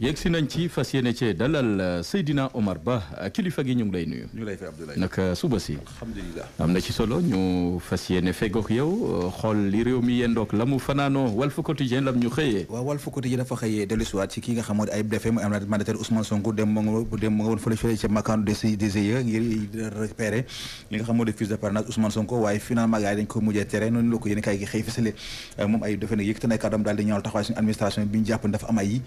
yegg si nañ ci fas yéene ci dalal euh, Seydina Omar Ba euh, kilifa gi ñu ngi lay nuyu. ñu lay fay Abdoulaye naka euh, suba si. alhamdulilah am na ci solo ñu fas yéene feggoog yow xool li réew mi yendoog la mu fanaanoo Walf Quotidien lam ñu xëyee. waaw Walf Quotidien dafa xëyee dellusiwaat ci ki nga xamoon ay defee mu am na mandataire ma nga dem ma nga woon fële fële ca makkaanu des DGE ngir repérer li nga xamoon de fiche de parrainage Ousmane Sonko waaye finalement dañ ko mujjee tere noonu la ko yéen gi xëy fësale moom ay defee nag yëkkati na kàddoom daal di ñaawal taxawaay suñu administration bi ñu jàpp dafa am ay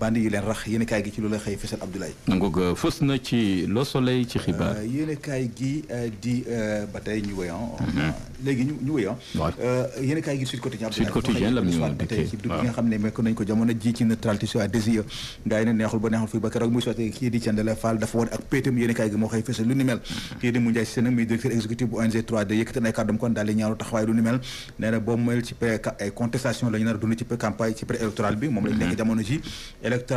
bandi di leen rax yéen gi ci loolu la xëy fësal Abdoulaye. ngoog euh, fës euh, gi euh, di ba ñu wéyoon. Mm-hmm. léegi ñu ñu wéyoon. gi ci dugg nga xam ne mekk nañ ko e. ne neexul ba neexul fii ba keroog muy sotti kii di Thiendella dafa woon ak péetam yéen gi moo xëy fësal lu ni mel. Mm-hmm. kii di mu Ndiaye Sène muy directeur exécutif bu ONG 3D yëkkati na ay kàddoom kon daal di ñaaru taxawaay lu ni mel nee na mel ci pré contestation la ñu nar ci pré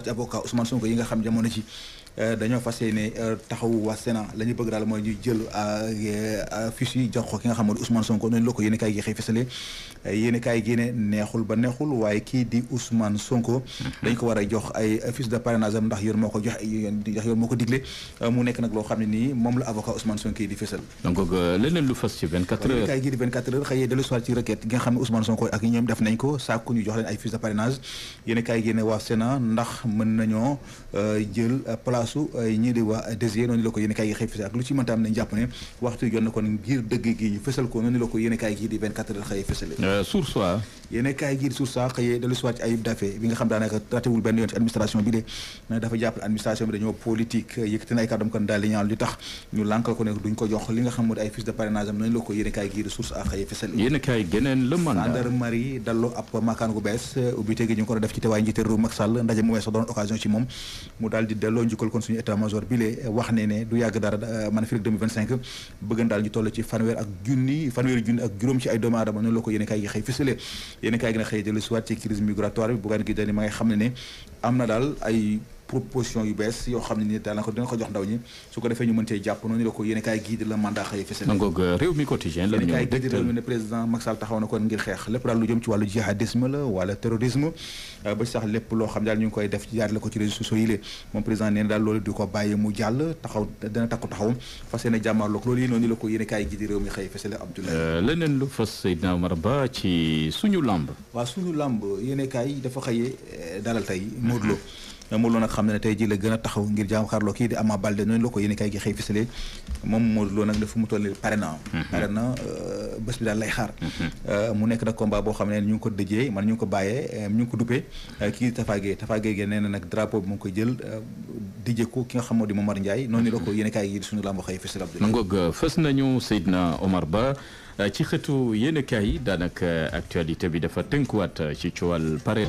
ci avocat Ousmane Sonko yi nga xam jamono ci Euh, dañoo fas yéene euh, taxawu waa Sénat ñu bëgg daal mooy ñu jël euh, fiche yi jox ko ki nga xam ne Ousmane Sonko noonu la ko yéene kaay gi xëy fësale yéene kaay gi ne neexul ba neexul waaye kii di Ousmane Sonko mhm. dañ ko war a jox ay fiche de parrainage am ndax moo ko jox ndax yoon moo ko digle mu nekk nag loo xam ne nii moom la avocat Ousmane Sonko yi di fësal donc leneen lu fës mën nañoo jël place paasu ñii di waa di 24 wa xëyee dalu siwaat ci Ayib Daffé bi nga xam ab maakaan gu bees ubbi tegi ñu ko def ci teewaay njiitéeru Macky Sall ndaje mu wees doon occasion ci moom mu daal di delloo njukkal kon suñu état major bi wax ne ne du yàgg dara maanaam fii 2025 bëggan daal ñu toll ci fanweer ak junni fanweeri junni ak juróom ci ay doomu aadama noonu la ko yéen kaay gi xëy fësale yéen kaay gi na xëy dellu si ci crise migratoire bi Bougane Gueye Dany ma ngay xam ne ne am na daal ay proposition yu bees yoo xam ne ni daanaka dina ko jox ndaw ñi su ko defee ñu mën cee jàpp noonu la ko yéen kaay gii réew mi quotidien la ñu kaay gii lépp lu jëm ci euh, loo xam daal ñu ngi koy def jaarale ko ci réseaux sociaux yi la moom président nee na daal loolu di ko bàyyi mu jàll taxaw a kaay euh, Ba ci suñu lamb waaw suñu lamb yéen a kaay dafa xëyee euh, dalal tey Modou Lo mm-hmm. Modou Lo nag xam ne ne tey ji la gën a taxaw ngir jàmmaarloo kii di Ama Baldé noonu la ko yéen kay gi xëy fisale moom moo Lo nag dafa mu toll nii pare na mhm. pare na euh, bés lay xaar mhm. euh, mu nekk nag combat boo xam ne ñu ngi ko dëjee man ñu ngi ko bàyyee euh, ko duppee kii di Tafage Tafage gi nee na nag bi mu ngi koy jël dëjee ko ki nga xam moo di Momar Ndiaye mhm. noonu la ko yéen kay gi suñu lamb xëy fisale Abdoulaye Ngog fës nañu Seydina Omar Ba ci xëtu yéen kaay yi daanaka actualité bi dafa tënkuwaat ci coowal pare